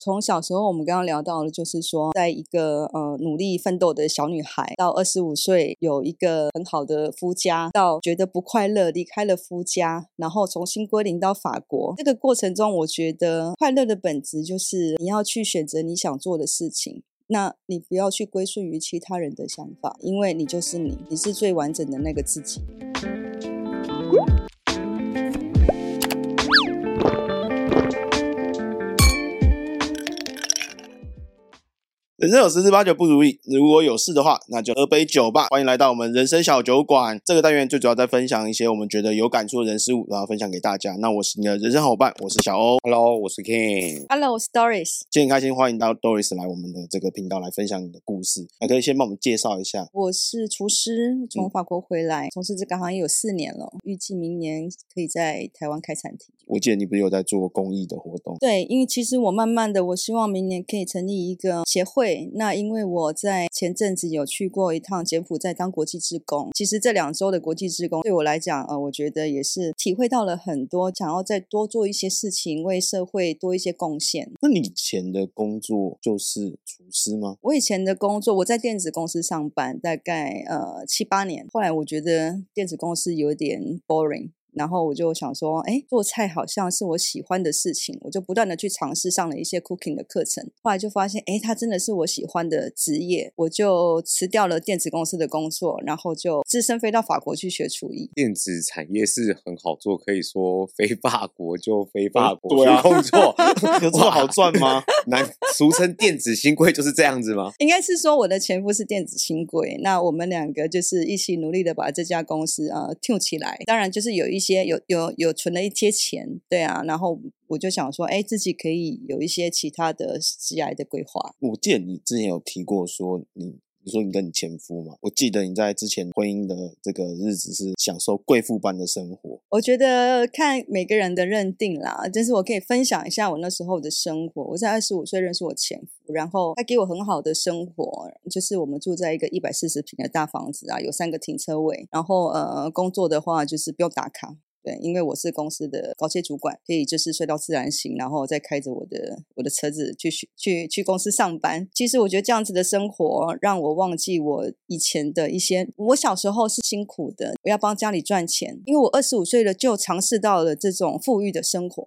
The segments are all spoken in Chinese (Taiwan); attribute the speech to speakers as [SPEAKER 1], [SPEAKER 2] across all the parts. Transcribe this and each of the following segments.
[SPEAKER 1] 從小時候我們剛剛聊到的，就是說，在一個呃努力奮鬥的小女孩，到二十五歲有一個很好的夫家，到覺得不快樂，離開了夫家，然後重新歸零到法國。這個過程中，我覺得快樂的本質就是你要去選擇你想做的事情，那你不要去歸順於其他人的想法，因為你就是你，你是最完整的那個自己。
[SPEAKER 2] 人生有十之八九不如意，如果有事的話，那就喝杯酒吧。歡迎來到我們人生小酒館。這個單元最主要在分享一些我們覺得有感觸的人事物，然後分享給大家。那我是你的人生夥伴，我是小歐。Hello，我是 King。
[SPEAKER 1] Hello，我是 Dorothy。
[SPEAKER 2] 今天開心，歡迎到 Dorothy 來我們的這個頻道來分享你的故事。還、呃、可以先幫我們介紹一下，
[SPEAKER 1] 我是廚師，從法國回來，嗯、從事這個行業有四年了，預計明年可以在台灣開餐廳。
[SPEAKER 2] 我記得你不是有在做公益的活動？對，
[SPEAKER 1] 因為其實我慢慢的，我希望明年可以成立一個協會。那因為我在前陣子有去過一趟柬埔寨當國際志工，其實這兩週的國際志工對我來講，呃，我覺得也是體會到了很多，想要再多做一些事情，為社會多一些貢獻。
[SPEAKER 2] 那你以前的工作就是廚師嗎？
[SPEAKER 1] 我以前的工作，我在電子公司上班，大概呃七八年，後來我覺得電子公司有點 boring。然後我就想說，哎，做菜好像是我喜歡的事情，我就不斷的去嘗試，上了一些 cooking 的課程。後來就發現，哎，它真的是我喜歡的職業，我就辭掉了電子公司的工作，然後就隻身飛到法國去學廚藝。
[SPEAKER 2] 電子產業是很好做，可以說飛法國就飛法國。嗯、對啊，工作 有這麼好賺嗎？哇難？俗稱電子新貴就是這樣子嗎？
[SPEAKER 1] 應該是說我的前夫是電子新貴，那我們兩個就是一起努力的把這家公司啊跳、呃、起來。當然就是有一。一些有有有存了一些錢，對啊，然後我就想說，哎、欸，自己可以有一些其他的未來的規劃。
[SPEAKER 2] 我記得，你之前有提過說，說你你說你跟你前夫嘛，我記得你在之前婚姻的這個日子是享受貴婦般的生活。
[SPEAKER 1] 我覺得看每個人的認定啦，但、就是我可以分享一下我那時候的生活。我在二十五歲認識我前夫。然後他給我很好的生活，就是我們住在一個一百四十平的大房子啊，有三個停車位。然後呃，工作的話就是不用打卡，對，因為我是公司的高階主管，可以就是睡到自然醒，然後再開着我的我的車子去去去公司上班。其實我覺得這樣子的生活讓我忘記我以前的一些，我小時候是辛苦的，我要幫家裡賺錢。因為我二十五歲了就嘗試到了這種富裕的生活。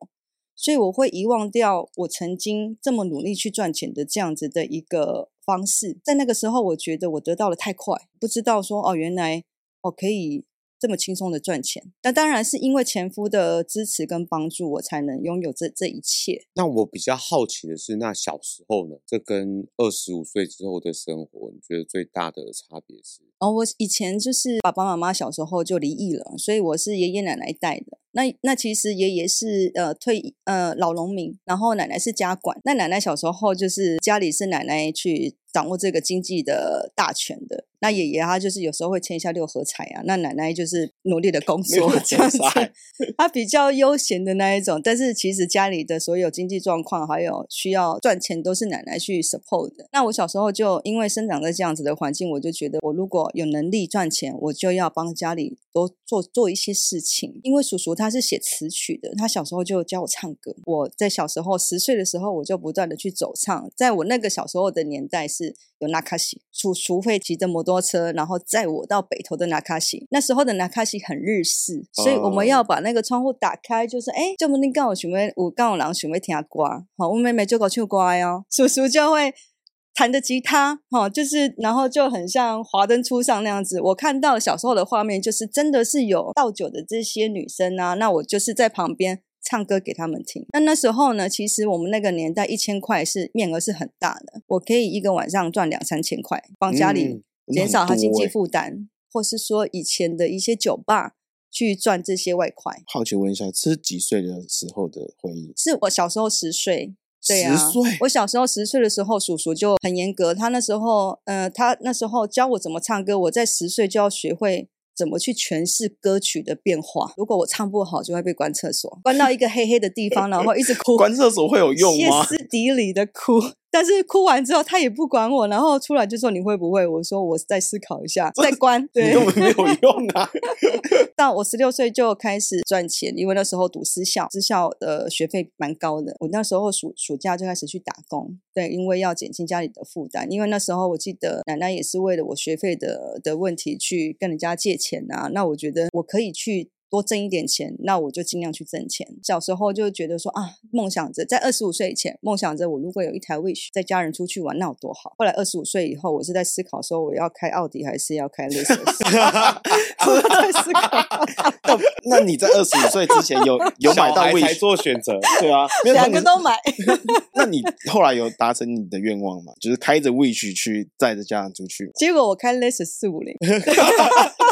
[SPEAKER 1] 所以我會遺忘掉我曾經這麼努力去賺錢的這樣子的一個方式。在那個時候，我覺得我得到了太快，不知道說哦，原來哦可以這麼輕鬆的賺錢。那當然是因為前夫的支持跟幫助，我才能擁有這這一切。
[SPEAKER 2] 那我比較好奇的是，那小時候呢，這跟二十五歲之後的生活，你覺得最大的差別是？
[SPEAKER 1] 哦，我以前就是爸爸媽媽小時候就離異了，所以我是爺爺奶奶帶的。那那其實爺爺是呃退呃老農民，然後奶奶是家管。那奶奶小時候就是家裡是奶奶去掌握這個經濟的大權的。那爺爺他就是有時候會簽一下六合彩啊。那奶奶就是努力的工作，這樣子。 他比較悠閒的那一種，但是其實家裡的所有經濟狀況還有需要賺錢都是奶奶去 support 的。那我小時候就因為生長在這樣子的環境，我就覺得我如果有能力賺錢，我就要幫家裡多做做一些事情，因為叔叔。他是寫詞曲的，他小時候就教我唱歌。我在小時候十歲的時候，我就不斷的去走唱。在我那個小時候的年代，是有那卡西，叔叔會騎着摩托車，然後載我到北投的那卡西。那時候的那卡西很日式，所以我們要把那個窗戶打開，就是哎，叫麼、oh. 欸、你剛好想要有剛好人想要聽歌，好，我妹妹就搞唱歌喲，叔叔就會。彈的吉他，齁，就是，然後就很像華燈初上那樣子。我看到小時候的畫面，就是真的是有倒酒的這些女生啊，那我就是在旁邊唱歌給他們聽。那那時候呢，其實我們那個年代一千塊是面額是很大的，我可以一個晚上賺兩三千塊，幫家裡減少他經濟負擔，嗯，欸、或是說以前的一些酒吧去賺這些外快。
[SPEAKER 2] 好奇問一下，這是幾歲的時候的回憶？
[SPEAKER 1] 是我小時候十歲。對呀、啊，歲我小時候十歲的時候，叔叔就很嚴格。他那時候，嗯、呃，他那時候教我怎麼唱歌。我在十歲就要學會怎麼去詮釋歌曲的變化。如果我唱不好，就會被關廁所，關到一個黑黑的地方， 然後一直
[SPEAKER 2] 哭。關廁所會有用嗎？歇斯
[SPEAKER 1] 底里的哭。但是哭完之後，他也不管我，然後出來就說，你會不會？我說我再思考一下，是再關。對，根本沒有用啊！ 到我十六歲就開始賺錢，因為那時候讀私校，私校的學費蠻高的。我那時候暑暑假就開始去打工，對，因為要減輕家裡的負擔。因為那時候我記得奶奶也是為了我學費的的問題去跟人家借錢啊。那我覺得我可以去。多掙一點錢，那我就盡量去掙錢。小時候就覺得說啊，夢想着在二十五歲以前，夢想着我如果有一台 Wish，在家人出去玩，那有多好。後來二十五歲以後，我是在思考說，我要開奧迪還是要開雷克我
[SPEAKER 2] 都在思考。那你在二十五歲之前有有買到 Wish 做選擇？對啊，兩個都
[SPEAKER 1] 買。
[SPEAKER 2] 那你後來有達成你的願望嗎？就是開着 Wish 去載着家人出去？
[SPEAKER 1] 結果我開雷克薩 s 四五零。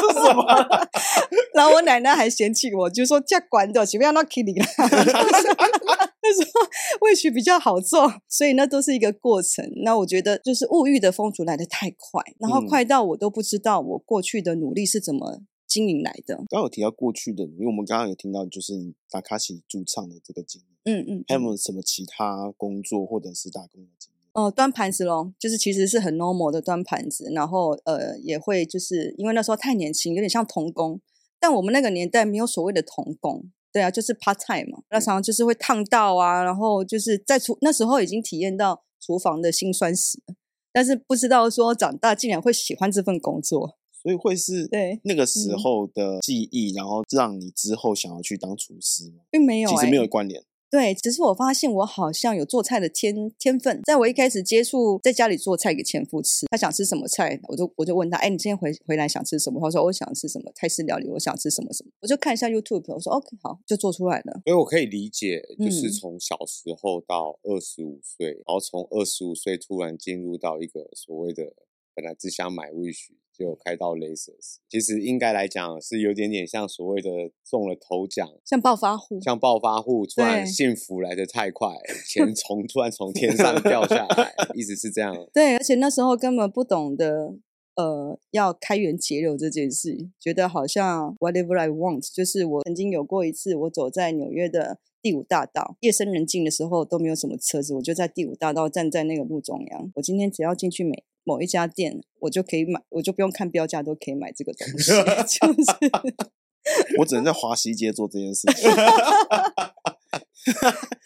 [SPEAKER 1] 是什麼、啊？ 然後我奶奶還嫌棄我，就說 這管着，千萬不要拿去你啦。他、就是、 說位置比較好做，所以那都是一個過程。那我覺得就是物欲的風俗來得太快，然後快到我都不知
[SPEAKER 2] 道我過去的努力是怎麼經營來的。剛有、嗯嗯嗯、提到過去的，因為我們剛剛也聽到就是達卡西駐唱的這個經歷、嗯。嗯嗯，還有沒有什麼其他工作或者是打工
[SPEAKER 1] 的？哦，端盤子咯，就是其實是很 normal 的端盤子，然後呃也會就是因為那時候太年輕，有點像童工，但我們那個年代沒有所謂的童工，對啊，就是 part time 嘛，那常常就是會燙到啊，然後就是在廚那時候已經體驗到廚房的辛酸史，但是不知道說長大竟然會喜歡這份工作，
[SPEAKER 2] 所以會是對那個時候的記憶，對然後讓你之後想要去當廚師嗎？
[SPEAKER 1] 並沒有、哎，其實沒有關聯。對，其實我發現我好像有做菜的天天分，在我一開始接觸，在家裡做菜給前夫吃，他想吃什麼菜，我就我就問他，哎、欸，你今天回回來想吃什麼？他說我想吃什麼泰式料理，我想吃什麼什麼，我就看一下 YouTube，我說 OK 好，就做出來
[SPEAKER 2] 了。所以我可以理解，就是從小時候到二十五歲，嗯、然後從二十五歲突然進入到一個所謂的本來只想買 w i 就開到 Lexus 其實應該來講是有點點像所謂的中了頭獎，像
[SPEAKER 1] 暴發戶，
[SPEAKER 2] 像暴發戶突然幸福來得太快，錢對從 突然從天上掉下來，一直 是這樣。
[SPEAKER 1] 對，而且那時候根本不懂得呃要開源節流這件事，覺得好像 whatever I want，就是我曾經有過一次，我走在紐約的第五大道，夜深人靜的時候都沒有什麼車子，我就在第五大道站在那個路中央，我今天只要進去美。某一家店，我就可以買，我就不用看標價都可以買這個東
[SPEAKER 2] 西，就是 我只能在華西街做這件事情。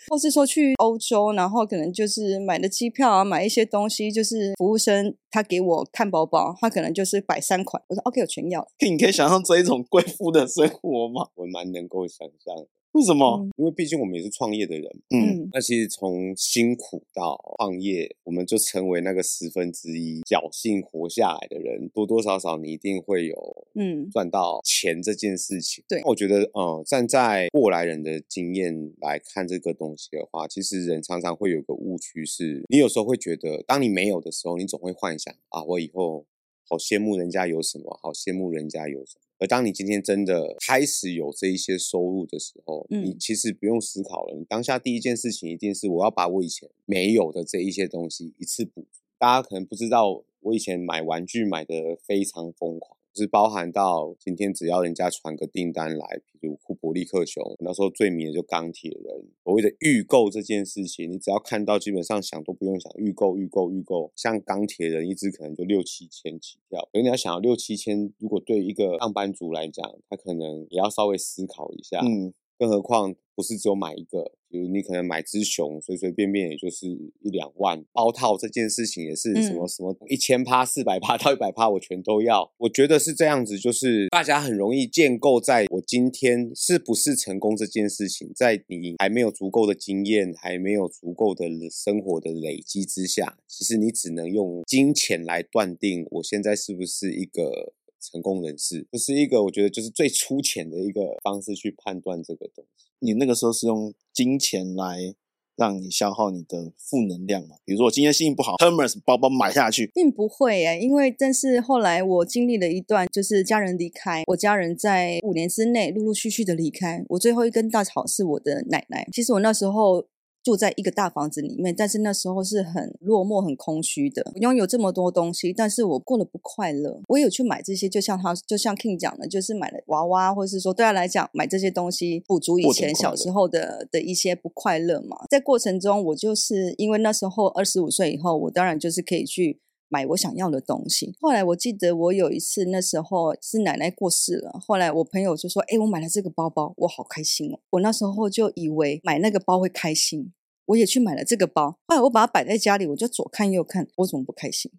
[SPEAKER 1] 或是說去歐洲，然後可能就是買的機票啊，買一些東西，就是服務生他給我看包包，他可能就是擺三款，我說 OK，我全要了。
[SPEAKER 2] 可你可以想象這一種貴婦的生活嗎？我蠻能夠想象的。為什麼？嗯、因為畢竟我們也是創業的人，嗯，那其實從辛苦到創業，我們就成為那個十分之一僥倖活下來的人，多多少少你一定會有，嗯，賺到錢這件事情。嗯、對，我覺得，呃，站在過來人的經驗來看這個東西的話，其實人常常會有個誤區，是，你有時候會覺得，當你沒有的時候，你總會幻想啊，我以後好羨慕人家有什麼，好羨慕人家有什麼。當你今天真的開始有這一些收入的時候，嗯、你其實不用思考了。你當下第一件事情一定是，我要把我以前沒有的這一些東西一次補足。大家可能不知道，我以前買玩具買得非常瘋狂。是包含到今天，只要人家傳個訂單來，比如庫伯利克熊，那時候最迷的就鋼鐵人。所謂的預購這件事情，你只要看到，基本上想都不用想，預購、預購、預購。像鋼鐵人一支可能就六七千起跳，所以你要想到六七千，如果對一個上班族來講，他可能也要稍微思考一下。嗯更何況不是只有買一個，比如你可能買只熊，隨隨便便也就是一兩萬。包套這件事情也是什麼什麼一千趴、四百趴到一百趴，我全都要。嗯、我覺得是這樣子，就是大家很容易建構在我今天是不是成功這件事情，在你還沒有足夠的經驗、還沒有足夠的生活的累積之下，其實你只能用金錢來斷定我現在是不是一個。成功人士，這就是一個，我覺得就是最粗淺的一個方式去判斷這個東西。你那個時候是用金錢來讓你消耗你的負能量嘛？比如說我今天心情不好，Hermes 包包買下去，
[SPEAKER 1] 並不會哎。因為但是後來我經歷了一段，就是家人離開，我家人在五年之內陸陸續續的離開，我最後一根稻草是我的奶奶。其實我那時候。住在一個大房子裡面，但是那時候是很落寞、很空虛的。我擁有這麼多東西，但是我過得不快樂。我有去買這些，就像他，就像 King 講的，就是買了娃娃，或者是說對他來講，買這些東西補足以前小時候的的一些不快樂嘛。在過程中，我就是因為那時候二十五歲以後，我當然就是可以去。買我想要的東西。後來我記得我有一次，那時候是奶奶過世了。後來我朋友就說：“哎，我買了這個包包，我好開心哦。”我那時候就以為買那個包會開心，我也去買了這個包。後來我把它擺在家裡，我就左看右看，我怎麼不開心？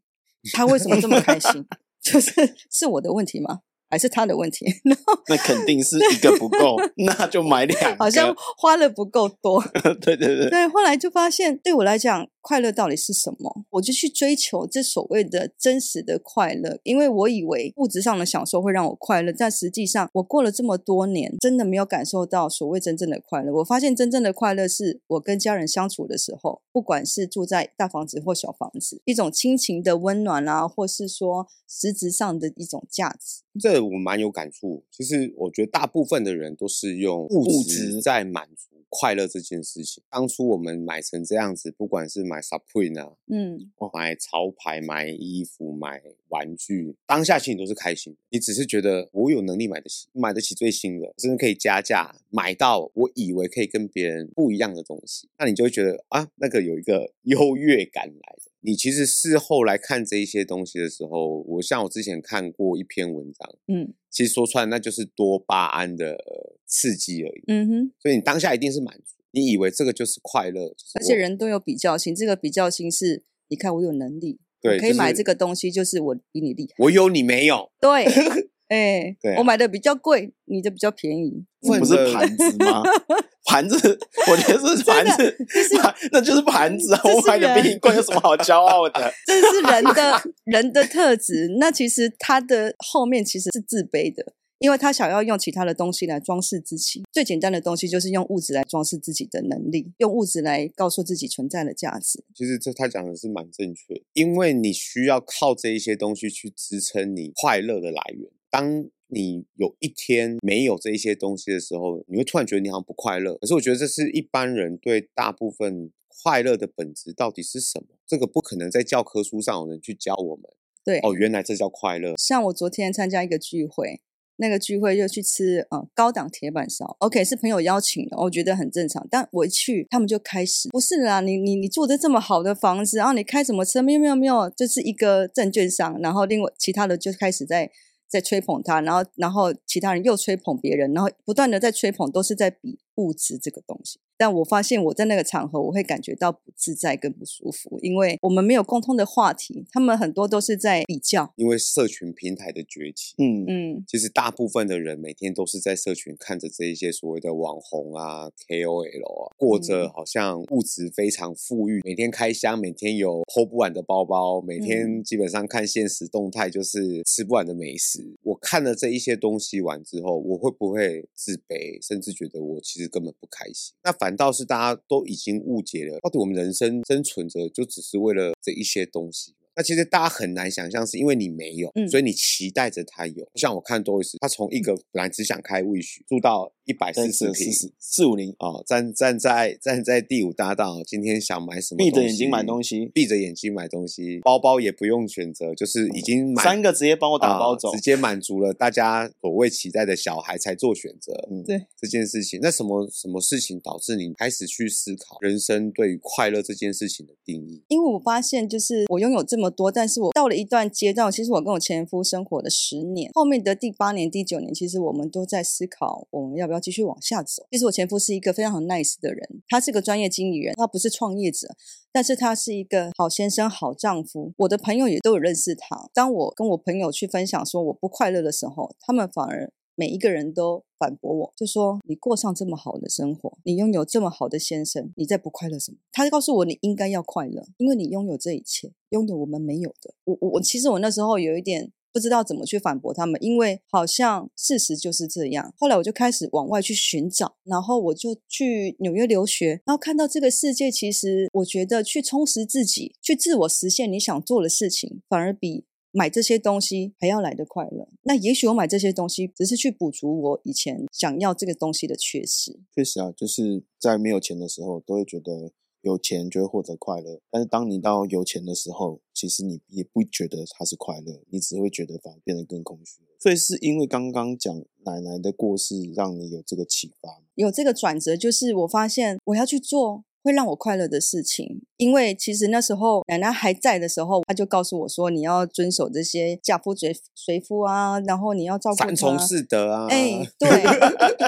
[SPEAKER 1] 他為什麼這麼開心？ 就是是我的問題嗎？還是他的問題？
[SPEAKER 2] 那肯定是一個不夠， 那就買兩個。好像
[SPEAKER 1] 花了不夠多。
[SPEAKER 2] 對對對。對，
[SPEAKER 1] 後來就發現對我來講。快樂到底是什麼？我就去追求這所謂的真實的快樂，因為我以為物質上的享受會讓我快樂。但實際上，我過了這麼多年，真的沒有感受到所謂真正的快樂。我發現真正的快樂是我跟家人相處的時候，不管是住在大房子或小房子，一種親情的溫暖啦、啊，或是說實質上的一種
[SPEAKER 2] 價值。這我蠻有感觸。其實我覺得大部分的人都是用物質在滿足。快樂這件事情，當初我們買成這樣子，不管是買 Supreme 啊，嗯，買潮牌、買衣服、買玩具，當下其實你都是開心。你只是覺得我有能力買得起，買得起最新的，甚至可以加價買到我以為可以跟別人不一樣的東西，那你就會覺得啊，那個有一個優越感來着。你其實事後來看這一些東西的時候，我像我之前看過一篇文章，嗯，其實說出來那就是多巴胺的刺激而已，嗯哼。所以你當下一定是滿足，你以為這個就是快樂，就是、而且人
[SPEAKER 1] 都有比較心，這個比較心是，你看我有能力，
[SPEAKER 2] 對，可以買這個
[SPEAKER 1] 東西，就是我比你厲
[SPEAKER 2] 害，我有你沒有，
[SPEAKER 1] 對。 哎，欸、對、啊。我買的比較貴，你的比較便宜，這不
[SPEAKER 2] 是盤子嗎？盤 子，我覺得是盤子，就是盤，那就是盤子啊！我買的比你貴，有什麼好驕傲的？
[SPEAKER 1] 這是人的 人的特質。那其實他的後面其實是自卑的，因為他想要用其他的東西來裝飾自己。最簡單的東西就是用物質來裝飾自己的能力，用物質來告訴自己存在的價值。
[SPEAKER 2] 其實這他講的是蠻正確，因為你需要靠這一些東西去支撐你快樂的來源。當你有一天沒有這一些東西的時候，你會突然覺得你好像不快樂。可是我覺得這是一般人對大部分快樂的本質到底是什麼？這個不可能在教科書上有人去教我們。對哦，原來這叫快樂。
[SPEAKER 1] 像我昨天參加一個聚會，那個聚會就去吃啊、嗯、高檔鐵板燒。OK，是朋友邀請的，我覺得很正常。但我一去，他們就開始不是啦，你你你住着這麼好的房子，然後、啊、你開什麼車？沒有沒有沒有，這就是一個證券商，然後另外其他的就開始在。在吹捧他，然後，然後其他人又吹捧別人，然後不斷的在吹捧，都是在比物質這個東西。但我發現我在那個場合，我會感覺到不自在跟不舒服，因為我們沒有共通的話題。他們很多都是在比較，
[SPEAKER 2] 因為社群平台的崛起，嗯嗯，其實大部分的人每天都是在社群看着這一些所謂的網紅啊、KOL 啊，過着好像物質非常富裕，嗯、每天開箱，每天有 hold 不完的包包，每天基本上看現實動態就是吃不完的美食。嗯、我看了這一些東西完之後，我會不會自卑，甚至覺得我其實根本不開心？那反倒是大家都已經誤解了，到底我們人生生存着就只是為了這一些東西。那其實大家很難想象，是因為你沒有，嗯、所以你期待着他有。像我看多維斯，他從一個本來只想開 Wish，住到一百四十平四五零啊、呃，站站在站在第五大道，今天想買什麼東西？閉着眼睛買東西，閉着眼睛買東西，包包也不用選擇，就是已經買、嗯呃、三個直接幫我打包走、呃，直接滿足了大家所謂期待的小孩才做選擇。嗯、對這件事情，那什麼什麼事情導致你開始去思考人生對於快樂這件事情的定義？
[SPEAKER 1] 因為我發現，就是我擁有這麼。多，但是我到了一段階段，其實我跟我前夫生活了十年，後面的第八年、第九年，其實我們都在思考，我們要不要繼續往下走。其實我前夫是一個非常 nice 的人，他是個專業經理人，他不是創業者，但是他是一個好先生、好丈夫。我的朋友也都有認識他。當我跟我朋友去分享說我不快樂的時候，他們反而。每一個人都反駁我，就說，你過上這麼好的生活，你擁有這麼好的先生，你在不快樂什麼？他就告訴我，你應該要快樂，因為你擁有這一切，擁有我們沒有的。我我我，其實我那時候有一點不知道怎麼去反駁他們，因為好像事實就是這樣。後來我就開始往外去尋找，然後我就去紐約留學，然後看到這個世界，其實我覺得去充實自己，去自我實現你想做的事情，反而比。買這些東西還要來得快樂，那也許我買這些東西只是去補足我以前想要這個東西的缺失。
[SPEAKER 2] 確實啊，就是在沒有錢的時候都會覺得有錢就會獲得快樂，但是當你到有錢的時候，其實你也不覺得它是快樂，你只會覺得反而變得更空虛。所以是因為剛剛講奶奶的過世，讓你有這個啟發，有這個
[SPEAKER 1] 轉折？就是我發現我要去做。會讓我快樂的事情，因為其實那時候奶奶還在的時候，她就告訴我說：“你要遵守這些嫁夫隨隨夫啊，然後你要照顧三從四德啊。”哎、欸，對。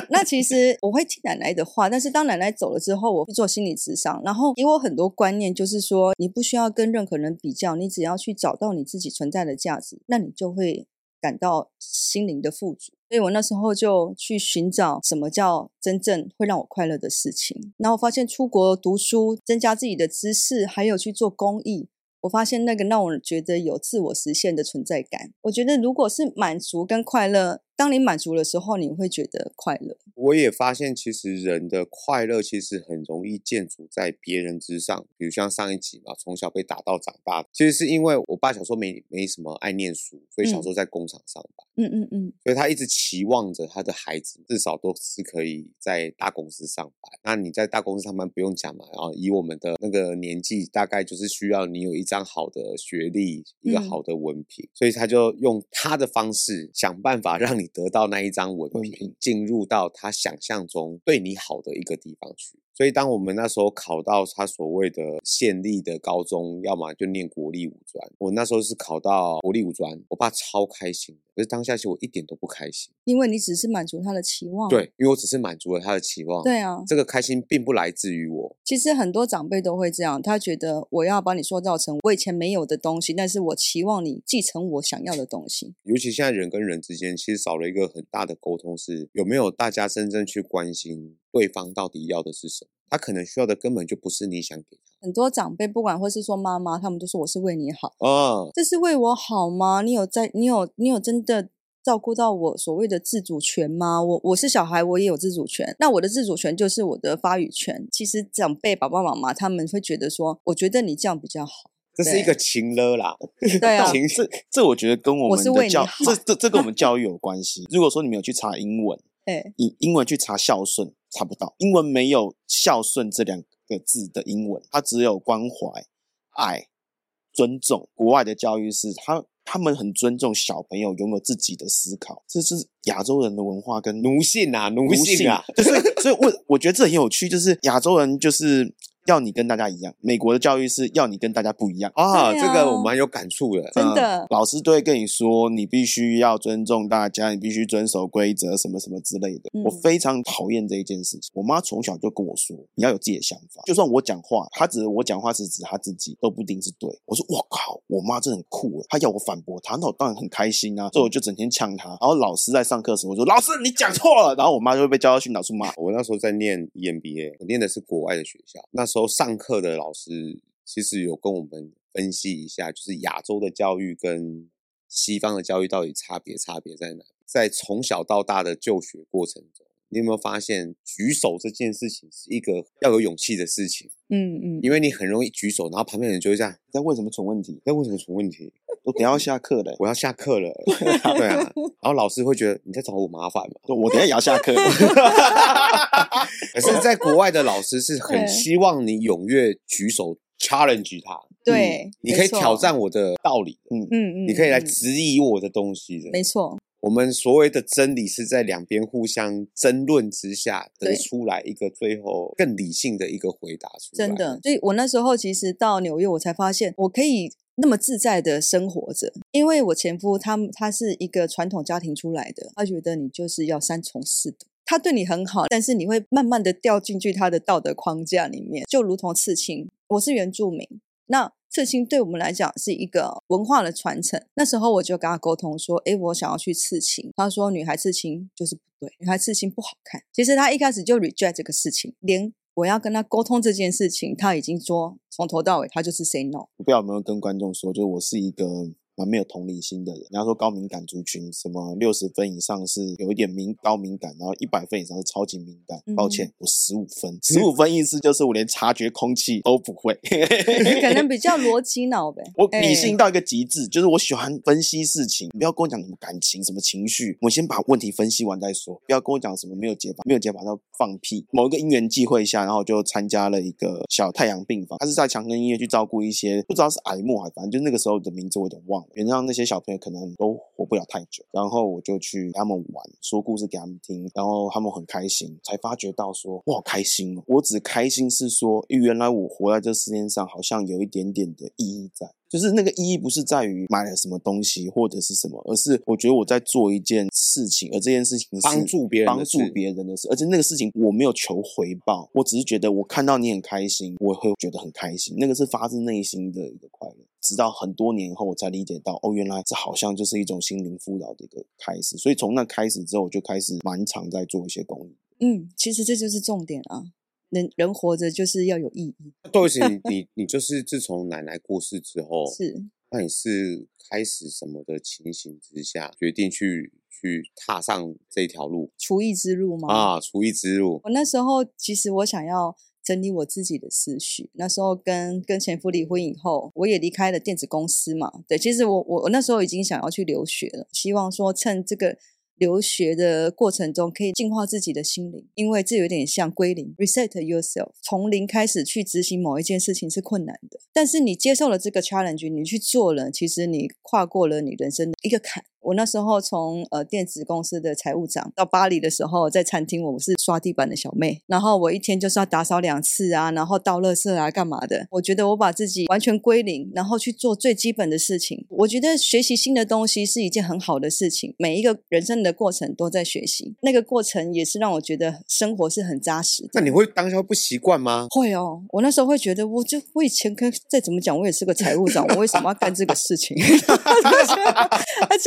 [SPEAKER 1] 那其實我會聽奶奶的話，但是當奶奶走了之後，我會做心理諮商，然後給我很多觀念，就是說你不需要跟任何人比較，你只要去找到你自己存在的價值，那你就會感到心靈的富足。所以我那時候就去尋找什麼叫真正會讓我快樂的事情，然後我發現出國讀書、增加自己的知識，還有去做公益，我發現那個讓我覺得有自我實現的存在感。我覺得如果是滿足跟快樂。當你滿足的時候，你會覺得快樂。
[SPEAKER 2] 我也發現，其實人的快樂其實很容易建築在別人之上。比如像上一集嘛，從小被打到長大的，其實是因為我爸小時候沒沒什麼愛念書，所以小時候在工廠上班。嗯嗯嗯。嗯嗯嗯。所以他一直期望着他的孩子至少都是可以在大公司上班。那你在大公司上班不用講嘛，然後以我們的那個年紀，大概就是需要你有一張好的學歷，一個好的文憑。嗯。所以他就用他的方式想辦法讓你。得到那一張文憑，進入到他想象中對你好的一個地方去。所以，當我們那時候考到他所謂的縣立的高中，要麼就念國立五專。我那時候是考到國立五專，我爸超開心。可是當下其實我一點都不開心，
[SPEAKER 1] 因為你只是滿足他的期望。對，
[SPEAKER 2] 因為我只是滿足了他的期望。對啊，這個開心並不來自於我。
[SPEAKER 1] 其實很多長輩都會這樣，他覺得我要把你塑造成我以前沒有的東西，但是我期望你繼承我想要的東西。
[SPEAKER 2] 尤其現在人跟人之間，其實少了一個很大的溝通是，是有沒有大家真正去關心。對方到底要的是什麼？他可能需要的根本就不是你想給他。
[SPEAKER 1] 很多長輩，不管或是說媽媽，他們都說我是為你好啊，哦、這是為我好嗎？你有在你有你有真的照顧到我所謂的自主權嗎？我我是小孩，我也有自主權。那我的自主權就是我的發語權。其實長輩、爸爸媽媽他們會覺得說，我覺得你這樣比較
[SPEAKER 2] 好，這是一個情勒啦。對啊，情是這，我覺得跟我們的教這這這跟我們教育有關係。啊、如果說你沒有去查英文。英、欸、英文，去查孝順查不到，英文沒有孝順這兩個字的英文，它只有關懷、愛、尊重。國外的教育是他，他他們很尊重小朋友擁有自己的思考，這是亞洲人的文化跟奴性啊，奴性啊。所以、就是，所以我我覺得這很有趣，就是亞洲人就是。要你跟大家一樣，美國的教育是要你跟大家不一樣啊！啊這個我蠻有感觸的，真的，啊、老師都會跟你說，你必須要尊重大家，你必須遵守規則，什麼什麼之類的。嗯、我非常討厭這一件事情。我媽從小就跟我說，你要有自己的想法。就算我講話，她指我講話是指她自己都不一定是對。我說我靠，我媽真的很酷，欸、她要我反駁她，那我當然很開心啊，所以我就整天嗆她。然後老師在上課的時候說，老師你講錯了，然後我媽就會被叫到訓導處罵。我那時候在念 EMBA，我念的是國外的學校，那時候。都上課的老師其實有跟我們分析一下，就是亞洲的教育跟西方的教育到底差別差別在哪？在從小到大的就學過程中，你有沒有發現舉手這件事情是一個要有勇氣的事情？嗯嗯，嗯因為你很容易舉手，然後旁邊人就會這樣在問什麼蠢問題，在問什麼蠢問題。我等下要下課了，我要下課了。對啊， 然後老師會覺得你在找我麻煩嘛。我等下也要下課。 可是，在國外的老師是很希望你踴躍舉手 challenge 他。對，嗯，你可以挑戰我的道理。嗯嗯錯嗯，你可以來質疑我的東西。沒錯。我們所謂的真理是在兩邊互相爭論之下得出來一個最後更理性的一個回答出來。
[SPEAKER 1] 真的，所以我那時候其實到紐約，我才發現我可以那麼自在的生活着，因為我前夫他他是一個傳統家庭出來的，他覺得你就是要三從四德，他對你很好，但是你會慢慢的掉進去他的道德框架裡面，就如同刺青，我是原住民那。刺青對我們來講是一個文化的傳承。那時候我就跟他溝通說：“哎，我想要去刺青。”他說：“女孩刺青就是不對，女孩刺青不好看。”其實他一開始就 reject 這個事情，連我要跟他溝通這件事情，他已經說從頭到尾他就是 say no。我
[SPEAKER 2] 不知道有沒有跟觀眾說，就是我是一個。蠻沒有同理心的人，然後說高敏感族群，什麼六十分以上是有一點敏高敏感，然後一百分以上是超級敏感。抱歉，嗯、我十五分，十五分意思就是我連察覺空氣都不會。 可能
[SPEAKER 1] 比較邏輯腦唄， 我理性
[SPEAKER 2] 到一個極致，就是我喜歡分析事情，欸、你不要跟我講什麼感情、什麼情緒，我先把問題分析完再說。不要跟我講什麼沒有解法，沒有解法，然後放屁。某一個因緣際會下，然後我就參加了一個小太陽病房，他是在長庚醫院去照顧一些不知道是癌末啊，反正就那個時候的名字我有點忘了。原諒那些小朋友可能都活不了太久，然後我就去給他們玩，說故事給他們聽，然後他們很開心，才發覺到說，哇，我好開心哦，我只開心是說，原來我活在這世界上，好像有一點點的意義在。就是那個意義不是在於買了什麼東西或者是什麼，而是我覺得我在做一件事情，而這件事情是幫助別人幫助別人的事，是而且那個事情我沒有求回報，我只是覺得我看到你很開心，我會覺得很開心，那個是發自內心的一個快樂。直到很多年以後我才理解到，哦，原來這好像就是一種心靈輔導的一個開始。所以從那開始之後，我就開始蠻常在做一些公益。嗯，
[SPEAKER 1] 其實這就是重點啊。人人活着就是要有意義。
[SPEAKER 2] 對不起，你你就是自從奶奶過世之後，
[SPEAKER 1] 是。
[SPEAKER 2] 那你是開始什麼的情形之下決定去去踏上這條路
[SPEAKER 1] 廚藝之路嗎？啊，
[SPEAKER 2] 廚藝之路。
[SPEAKER 1] 我那時候其實我想要整理我自己的思緒。那時候跟跟前夫離婚以後，我也離開了電子公司嘛。對，其實我我我那時候已經想要去留學了，希望說趁這個。留學的過程中，可以淨化自己的心靈，因為這有點像歸零 （reset yourself），從零開始去執行某一件事情是困難的。但是你接受了這個 challenge，你去做了，其實你跨過了你人生的一個坎。我那時候從呃電子公司的財務長到巴黎的時候，在餐廳我是刷地板的小妹，然後我一天就是要打掃兩次啊，然後倒垃圾啊，幹嘛的。我覺得我把自己完全歸零，然後去做最基本的事情。我覺得學習新的東西是一件很好的事情，每一個人生的過程都在學習，那個過程也是讓我覺得生活是很扎實的。那你會
[SPEAKER 2] 當下不習慣嗎？
[SPEAKER 1] 會哦，我那時候會覺得，我就我以前看再怎麼講，我也是
[SPEAKER 2] 個財務長，我為什麼要幹這個事情？
[SPEAKER 1] 哈哈哈哈哈，而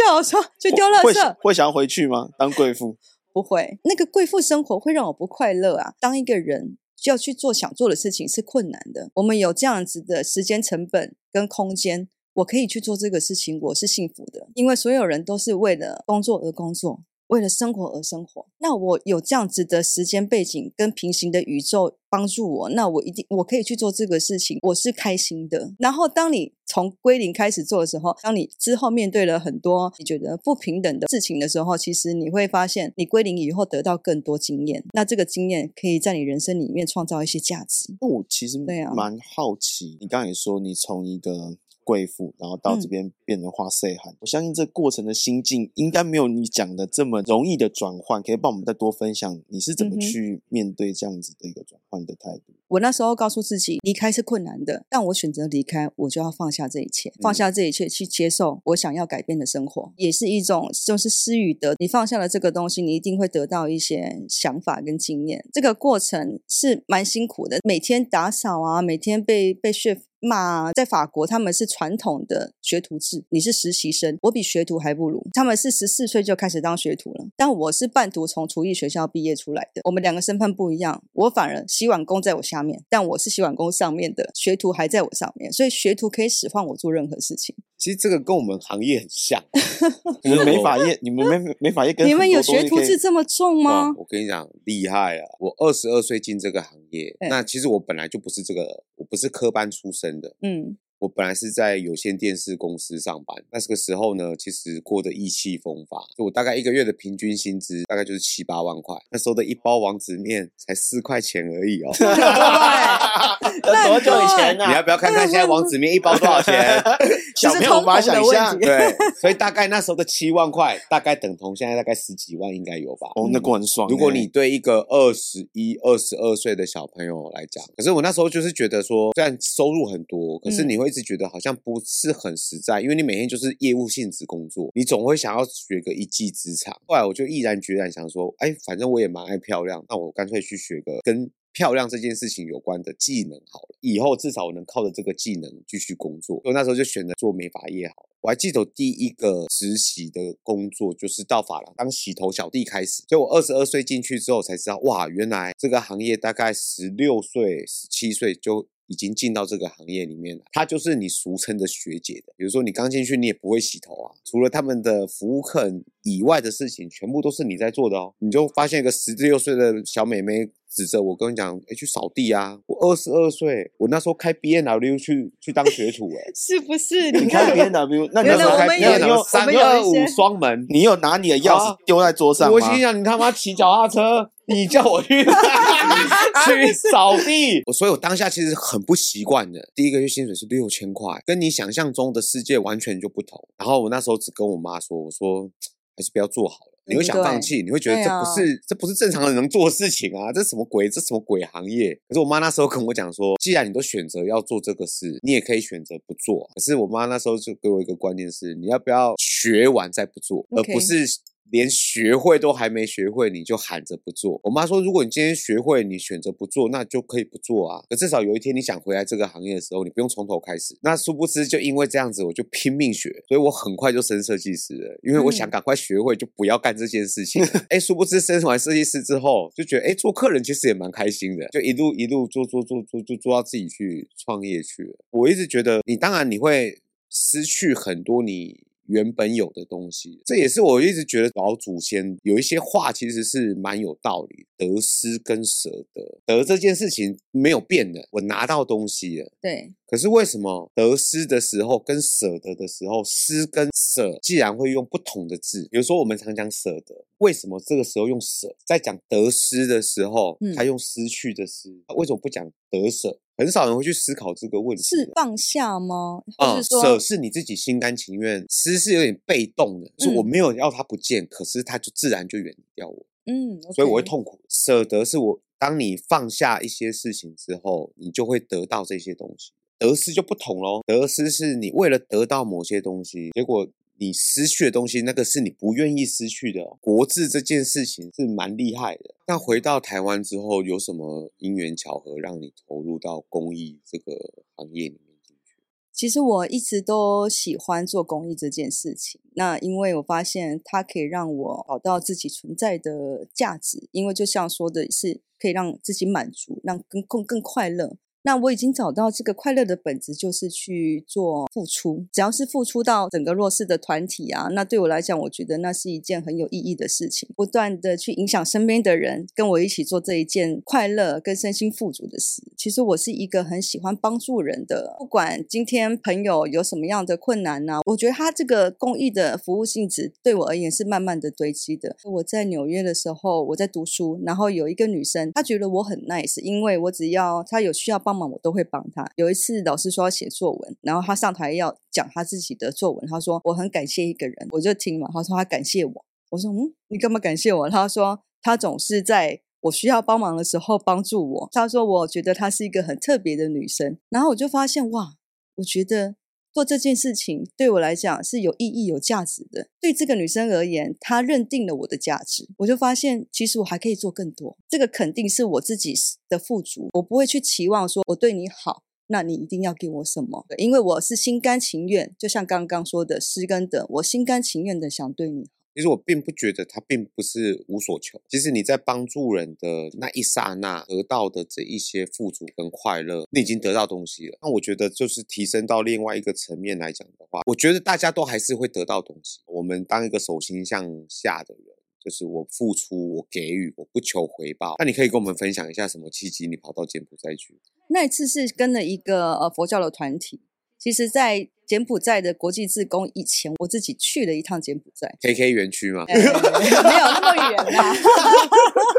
[SPEAKER 1] 就丟垃圾，
[SPEAKER 2] 會想要回去嗎？當貴婦
[SPEAKER 1] 不會，那個貴婦生活會讓我不快樂啊。當一個人需要去做想做的事情是困難的，我們有這樣子的時間成本跟空間，我可以去做這個事情，我是幸福的，因為所有人都是為了工作而工作。為了生活而生活，那我有這樣子的時間背景跟平行的宇宙幫助我，那我一定我可以去做這個事情，我是開心的。然後，當你從歸零開始做的時候，當你之後面對了很多你覺得不平等的事情的時候，其實你會發現，你歸零以後得到更多經驗，那這個經驗可以在你人生裡面創造一些價值。那我、哦、
[SPEAKER 2] 其實對啊，蠻好奇，啊、你剛才說你從一個。貴婦，然後到這邊變成花歲寒，嗯、我相信這過程的心境應該沒有你講的這麼容易的轉換，可以幫我們再多分享你是怎麼去面對這樣子的一個轉換的態度？嗯
[SPEAKER 1] 我那時候告訴自己，離開是困難的，但我選擇離開，我就要放下這一切，嗯、放下這一切去接受我想要改變的生活，也是一種就是失與得。你放下了這個東西，你一定會得到一些想法跟經驗。這個過程是蠻辛苦的，每天打掃啊，每天被被訓罵啊。在法國，他們是傳統的學徒制，你是實習生，我比學徒還不如。他們是十四歲就開始當學徒了，但我是半途從廚藝學校畢業出來的。我們兩個身份不一樣，我反而洗碗工在我下。但我是洗碗工上面的學徒，還在我上面，所以學徒可以使喚我做任何事情。
[SPEAKER 2] 其實這個跟我們行業很像，你們沒法業跟，你們沒沒法業，你們有學徒制
[SPEAKER 1] 這麼重嗎？
[SPEAKER 2] 我跟你講，厲害啊！我二十二歲進這個行業，嗯、那其實我本來就不是這個，我不是科班出身的，嗯。我本來是在有線電視公司上班，那這個時候呢,其實過得意氣風發。就我大概一個月的平均薪資大概就是七八萬塊，那時候的一包王子面才四塊錢而已哦。哈哈哈
[SPEAKER 1] 哈那多久以前啊？你要不要
[SPEAKER 2] 看看現在王子面一包多少錢？
[SPEAKER 1] 小朋友無法想像， 對，
[SPEAKER 2] 所以大概那時候的七萬塊，大概等同現在大概十幾萬應該有吧。哦，那過、個、很爽、欸。如果你對一個二十一、二十二歲的小朋友來講，可是我那時候就是覺得說，雖然收入很多，可是你會。一直覺得好像不是很實在，因為你每天就是業務性質工作，你總會想要學個一技之長。後來我就毅然決然想說，哎，反正我也蠻愛漂亮，那我乾脆去學個跟漂亮這件事情有關的技能好了，以後至少我能靠着這個技能繼續工作。我那時候就選擇做美髮業好了。我還記得我第一個實習的工作就是到髮廊當洗頭小弟開始，所以我二十二歲進去之後才知道，哇，原來這個行業大概十六歲、十七歲就。已經進到這個行業裡面了，他就是你俗稱的學姐的。比如說你剛進去，你也不會洗頭啊。除了他們的服務客人以外的事情，全部都是你在做的哦。你就發現一個十六歲的小美眉指着我，跟你講，哎，去掃地啊！我二十二歲，我那時候開 BMW 去去當學徒，是不是？你開 BMW，那你那時候開，BMW 三二五雙門，你有拿你的鑰匙丟在桌上、啊、我心想，你他媽騎腳踏車。 你叫我去去掃地，我所以我當下其實很不習慣的。第一個月薪水是六千塊，跟你想象中的世界完全就不同。然後我那時候只跟我媽說：“我說還是不要做好了。”你會想放棄，你會覺得這不是這不是正常人能做的事情啊，這什麼鬼，這什麼鬼行業？可是我媽那時候跟我講說：“既然你都選擇要做這個事，你也可以選擇不做。”可是我媽那時候就給我一個觀念是：你要不要學完再不做，而不是。連學會都還沒學會，你就喊着不做。我媽說：“如果你今天學會，你選擇不做，那就可以不做啊。可至少有一天你想回來這個行業的時候，你不用從頭開始。”那殊不知，就因為這樣子，我就拼命學，所以我很快就升設計師了。因為我想趕快學會，就不要幹這件事情。誒、嗯、欸、殊不知升完設計師之後，就覺得誒、欸、做客人其實也蠻開心的，就一路一路做做做做，做，就做，做到自己去創業去了。我一直覺得，你當然你會失去很多你。原本有的東西，這也是我一直覺得老祖先有一些話，其實是蠻有道理。得失跟捨得，得這件事情沒有變的，我拿到東西了。對。可是為什麼得失的時候跟捨得的時候，失跟捨，既然會用不同的字？比如說我們常講捨得，為什麼這個時候用捨？在講得失的時候，他用失去的失，嗯，為什麼不講得捨？很少人會去思考這個問題，是
[SPEAKER 1] 放下嗎？啊、嗯，
[SPEAKER 2] 捨是你自己心甘情願，失是有點被動的，嗯、是我沒有要他不見，可是他就自然就遠離掉我，嗯，okay、所以我會痛苦。捨得是我，當你放下一些事情之後，你就會得到這些東西，得失就不同咯得失是你為了得到某些東西，結果。你失去的東西，那個是你不願意失去的。國志這件事情是蠻厲害的。那回到台灣之後，有什麼因緣巧合讓你投入到公益這個行業裡面進去？其實
[SPEAKER 1] 我一直都喜歡做公益這件事情。那因為我發現它可以讓我找到自己存在的價值，因為就像說的，是可以讓自己滿足，讓更更更快樂。那我已經找到這個快樂的本質，就是去做付出。只要是付出到整個弱勢的團體啊，那對我來講，我覺得那是一件很有意義的事情。不斷的去影響身邊的人，跟我一起做這一件快樂跟身心富足的事。其實我是一個很喜歡幫助人的。不管今天朋友有什麼樣的困難呢，我覺得他這個公益的服務性質，對我而言是慢慢的堆積的。我在紐約的時候，我在讀書，然後有一個女生，她覺得我很 nice，因為我只要她有需要幫。幫忙我都會幫他。有一次老師說要寫作文，然後他上台要講他自己的作文。他說我很感謝一個人，我就聽了。他說他感謝我，我說嗯，你幹嘛感謝我？他說他總是在我需要幫忙的時候幫助我。他說我覺得她是一個很特別的女生。然後我就發現哇，我覺得。做這件事情對我來講是有意義、有價值的。對這個女生而言，她認定了我的價值，我就發現其實我還可以做更多。這個肯定是我自己的富足，我不會去期望說我對你好，那你一定要給我什麼，因為我是心甘情願。就像剛剛說的失跟得，我心甘情願的想對你好。
[SPEAKER 2] 其實我並不覺得他並不是無所求。其實你在幫助人的那一剎那得到的這一些富足跟快樂，你已經得到東西了。那我覺得就是提升到另外一個層面來講的話，我覺得大家都還是會得到東西。我們當一個手心向下的人，就是我付出，我給予，我不求回報。那你可以跟我們分享一下什麼契機？你跑到柬埔寨去？
[SPEAKER 1] 那一次是跟了一個呃佛教的團體。其實，在柬埔寨的國際志工，以前我自己去了一趟柬埔寨，K
[SPEAKER 2] K 園區嗎？欸？沒有那麼遠啦，啊。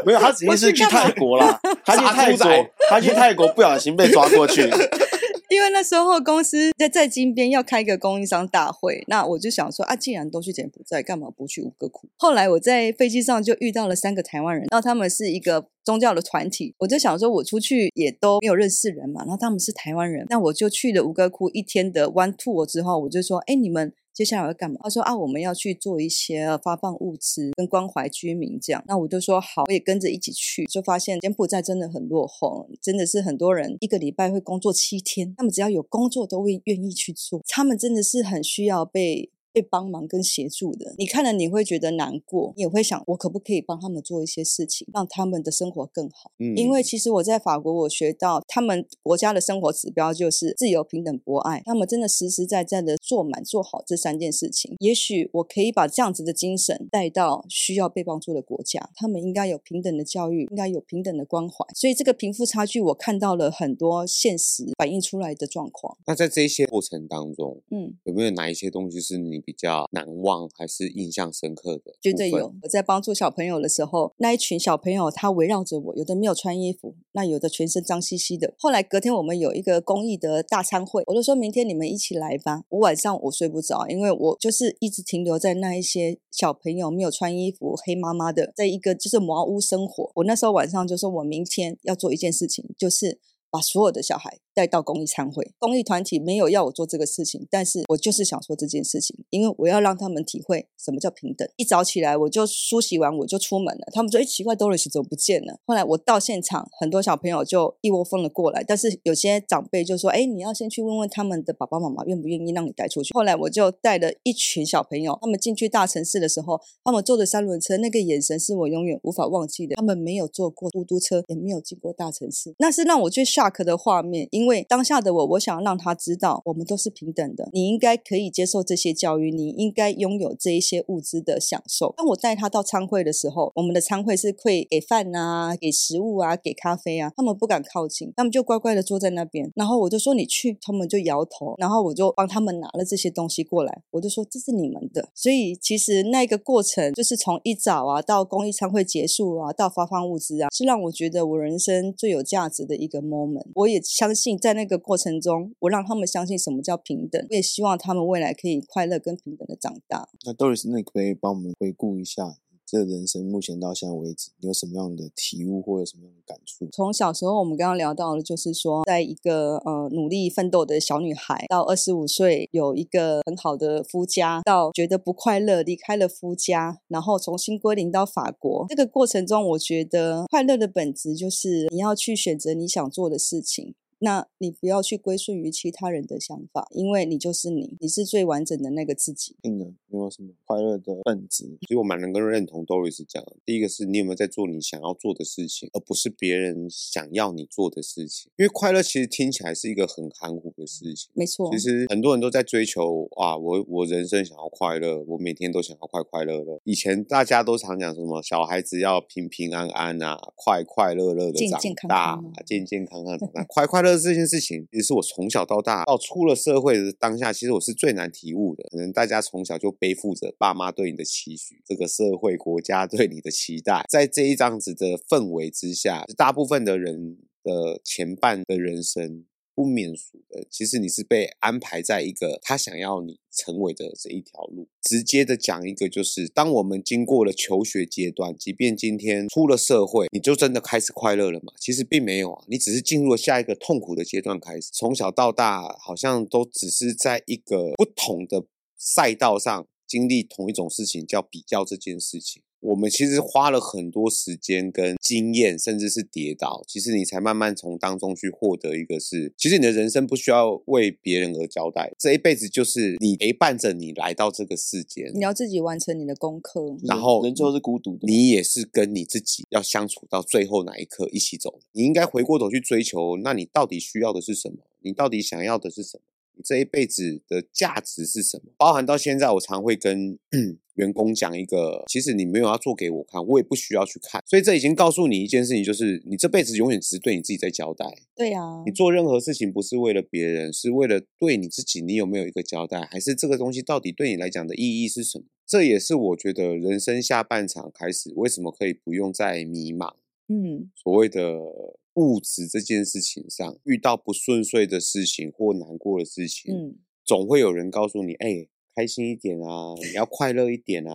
[SPEAKER 2] 沒有，他只是去泰國了。去他去泰國，他去泰國不小心被抓過去。
[SPEAKER 1] 因為那時候公司在在金邊要開一個供應商大會，那我就想說啊，既然都去柬埔寨，幹嘛不去吳哥窟？後來我在飛機上就遇到了三個台灣人，然後他們是一個宗教的團體，我就想說，我出去也都沒有認識人嘛，然後他們是台灣人，那我就去了吳哥窟一天的 one two 之後，我就說，哎，你們。接下來我要幹嘛？他說啊，我們要去做一些發放物資跟關懷居民這樣。那我就說好，我也跟着一起去。就發現柬埔寨真的很落後，真的是很多人一個禮拜會工作七天，他們只要有工作都會願意去做，他們真的是很需要被。被幫忙跟協助的，你看了你會覺得難過，你也會想我可不可以幫他們做一些事情，讓他們的生活更好。嗯，因為其實我在法國，我學到他們國家的生活指標就是自由、平等、博愛，他們真的實實在在的做滿、做好這三件事情。也許我可以把這樣子的精神帶到需要被幫助的國家，他們應該有平等的教育，應該有平等的關懷。所以這個貧富差距，我看到了很多現實反映出來的狀況。
[SPEAKER 2] 那在這些過程當中，嗯，有沒有哪一些東西是你？比較難忘還是印象深刻的？絕對有。
[SPEAKER 1] 我在幫助小朋友的時候，那一群小朋友他圍繞着我，有的沒有穿衣服，那有的全身髒兮兮的。後來隔天我們有一個公益的大餐會，我就說明天你們一起來吧。我晚上我睡不着，因為我就是一直停留在那一些小朋友沒有穿衣服、黑麻麻的，在一個就是茅屋生活。我那時候晚上就說，我明天要做一件事情，就是把所有的小孩。帶到公益參會，公益團體沒有要我做這個事情，但是我就是想說這件事情，因為我要讓他們體會什麼叫平等。一早起來我就梳洗完，我就出門了，他們說：“哎、欸，奇怪，Dorothy 怎麼不見了？”後來我到現場，很多小朋友就一窩蜂的過來，但是有些長輩就說：“哎、欸，你要先去問問他們的爸爸媽媽願不願意讓你帶出去。”後來我就帶了一群小朋友，他們進去大城市的時候，他們坐着三輪車，那個眼神是我永遠無法忘記的。他們沒有坐過嘟嘟車，也沒有進過大城市，那是讓我最 shock 的畫面。因因為當下的我，我想讓他知道，我們都是平等的。你應該可以接受這些教育，你應該擁有這一些物資的享受。當我帶他到餐會的時候，我們的餐會是會給飯啊，給食物啊，給咖啡啊。他們不敢靠近，他們就乖乖的坐在那邊。然後我就說你去，他們就搖頭。然後我就幫他們拿了這些東西過來，我就說這是你們的。所以其實那個過程，就是從一早啊到公益餐會結束啊，到發放物資啊，是讓我覺得我人生最有價值的一個 moment。我也相信。在那個過程中，我讓他們相信什麼叫平等。我也希望他們未來可以快樂跟平等的長大。
[SPEAKER 2] 那 Dorothy，那可以幫我們回顧一下，這個人生目前到現在為止，你有什麼樣的體悟或者什麼樣的感觸？從小
[SPEAKER 1] 時候我們剛剛聊到的，就是說，在一個呃努力奮鬥的小女孩，到二十五歲有一個很好的夫家，到覺得不快樂，離開了夫家，然後重新歸零到法國。這個過程中，我覺得快樂的本質就是你要去選擇你想做的事情。那你不要去歸順於其他人的想法，因為你就是你，你是最完整的那個自己。
[SPEAKER 2] 嗯嗯什麼快樂的本質？所以我蠻能夠認同 Dorothy 講的。第一個是你有沒有在做你想要做的事情，而不是別人想要你做的事情。因為快樂其實聽起來是一個很含糊的事情，沒錯錯。其實很多人都在追求啊，我我人生想要快樂，我每天都想要快快樂樂。以前大家都常講什麼小孩子要平平安安啊，快快樂樂的長大，健健康康。那快快樂這件事情，也是我從小到大到出了社會的當下，其實我是最難體悟的。可能大家從小就背負。負責爸媽對你的期許，這個社會國家對你的期待，在這一這樣子的氛圍之下，大部分的人的前半的人生不免俗的，其實你是被安排在一個他想要你成為的這一條路。直接的講一個，就是當我們經過了求學階段，即便今天出了社會，你就真的開始快樂了嗎？其實並沒有啊，你只是進入了下一個痛苦的階段開始。從小到大，好像都只是在一個不同的賽道上，經歷同一種事情叫比較這件事情，我們其實花了很多時間跟經驗，甚至是跌倒，其實你才慢慢從當中去獲得一個是，其實你的人生不需要為別人而交代，這一輩子就是你陪伴着你來到這個世間，
[SPEAKER 1] 你要自己完成你的功課，然後
[SPEAKER 2] 人就是孤獨的，嗯、你也是跟你自己要相處到最後那一刻一起走，你應該回過頭去追求，那你到底需要的是什麼？你到底想要的是什麼？這一輩子的價值是什麼？包含到現在，我常會跟 員工講一個，其實你沒有要做給我看，我也不需要去看。所以這已經告訴你一件事情，就是你這輩子永遠只是對你自己在交代。對啊，你做任何事情不是為了別人，是為了對你自己。你有沒有一個交代？還是這個東西到底對你來講的意義是什麼？這也是我覺得人生下半場開始，為什麼可以不用再迷茫？嗯，所謂的。物質這件事情上遇到不順遂的事情或難過的事情，嗯，總會有人告訴你：“哎，欸，開心一點啊， 你要快樂一點啊。”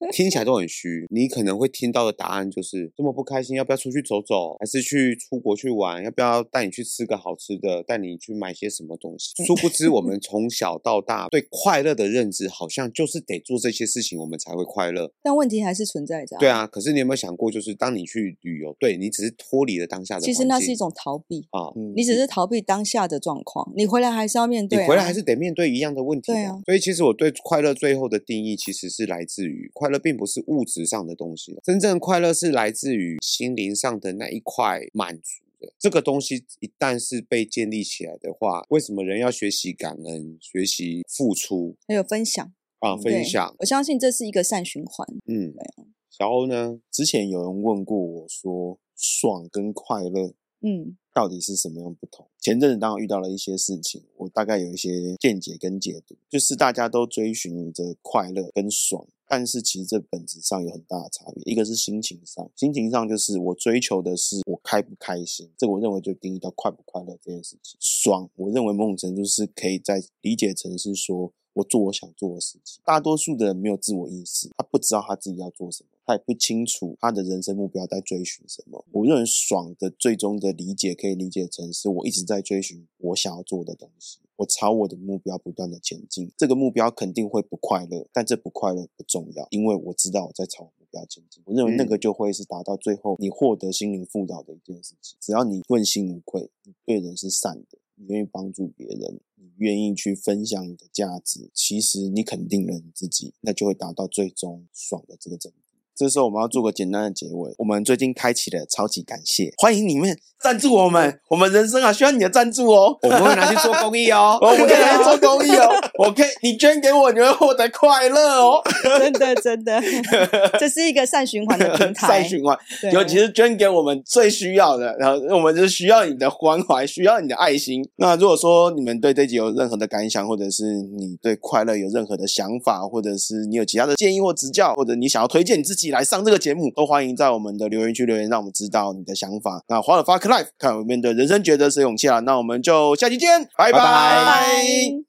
[SPEAKER 2] 聽起來都很虛，你可能會聽到的答案就是這麼不開心，要不要出去走走，還是去出國去玩？要不要帶你去吃個好吃的，帶你去買些什麼東西？殊不知，我們從小到大對快樂的認知，好像就是得做這些事情，我們才會快樂。
[SPEAKER 1] 但問題還是存在的啊。對啊，
[SPEAKER 2] 可是你有沒有想過，就是當你去旅遊，對你只是脫離了當下的，其實那是一種逃避啊，哦，嗯，你只是逃
[SPEAKER 1] 避當下的狀況，你回來還是要面對啊，你回來還是
[SPEAKER 2] 得面對一樣的問題啊。對啊，所以其實我對快樂最後的定義，其實是來自於。快樂並不是物質上的東西，真正快樂是來自於心靈上的那一塊滿足的。這個東西一旦是被建立起來的話，為什麼人要學習感恩、學習付出，
[SPEAKER 1] 還有分享
[SPEAKER 2] 啊？對分享，我
[SPEAKER 1] 相信這是一個善循環。嗯，
[SPEAKER 2] 然後、啊、呢？之前有人問過我說，爽跟快樂，嗯，到底是什麼樣不同？嗯、前陣子當我遇到了一些事情，我大概有一些見解跟解讀，就是大家都追尋着快樂跟爽。但是其實這本質上有很大的差別，一個是心情上，心情上就是我追求的是我開不開心，這個我認為就定義到快不快樂這件事情。爽，我認為某種程度就是可以在理解成是說我做我想做的事情。大多數的人沒有自我意識，他不知道他自己要做什麼，他也不清楚他的人生目標在追尋什麼。我認為爽的最終的理解可以理解成是我一直在追尋我想要做的東西。我朝我的目標不斷的前進，這個目標肯定會不快樂，但這不快樂不重要，因為我知道我在朝我目標前進。我認為那個就會是達到最後你獲得心靈輔導的一件事情。只要你問心無愧，你對人是善的，你願意幫助別人，你願意去分享你的價值，其實你肯定了你自己，那就會達到最終爽的這個真理。這時候我們要做個簡單的結尾。我們最近開啟了超級感謝，歡迎你們贊助我們。我們人生啊需要你的贊助哦， 我們會拿去做公益哦， 我們會拿去做公益哦。OK， 你捐給我，你會獲得快樂哦。 真的真的，
[SPEAKER 1] 這是一個善循環的平台， 善循
[SPEAKER 2] 環，對尤其是捐給我們最需要的。然後我們就是需要你的關懷，需要你的愛心。那如果說你們對這集有任何的感想，或者是你對快樂有任何的想法，或者是你有其他的建議或指教，或者你想要推薦你自己。一起來上這個節目，都歡迎在我們的留言區留言，讓我們知道你的想法。那花了 fuck life，看我們的人生，抉擇是勇氣啊！那我們就下期見，拜拜。拜拜。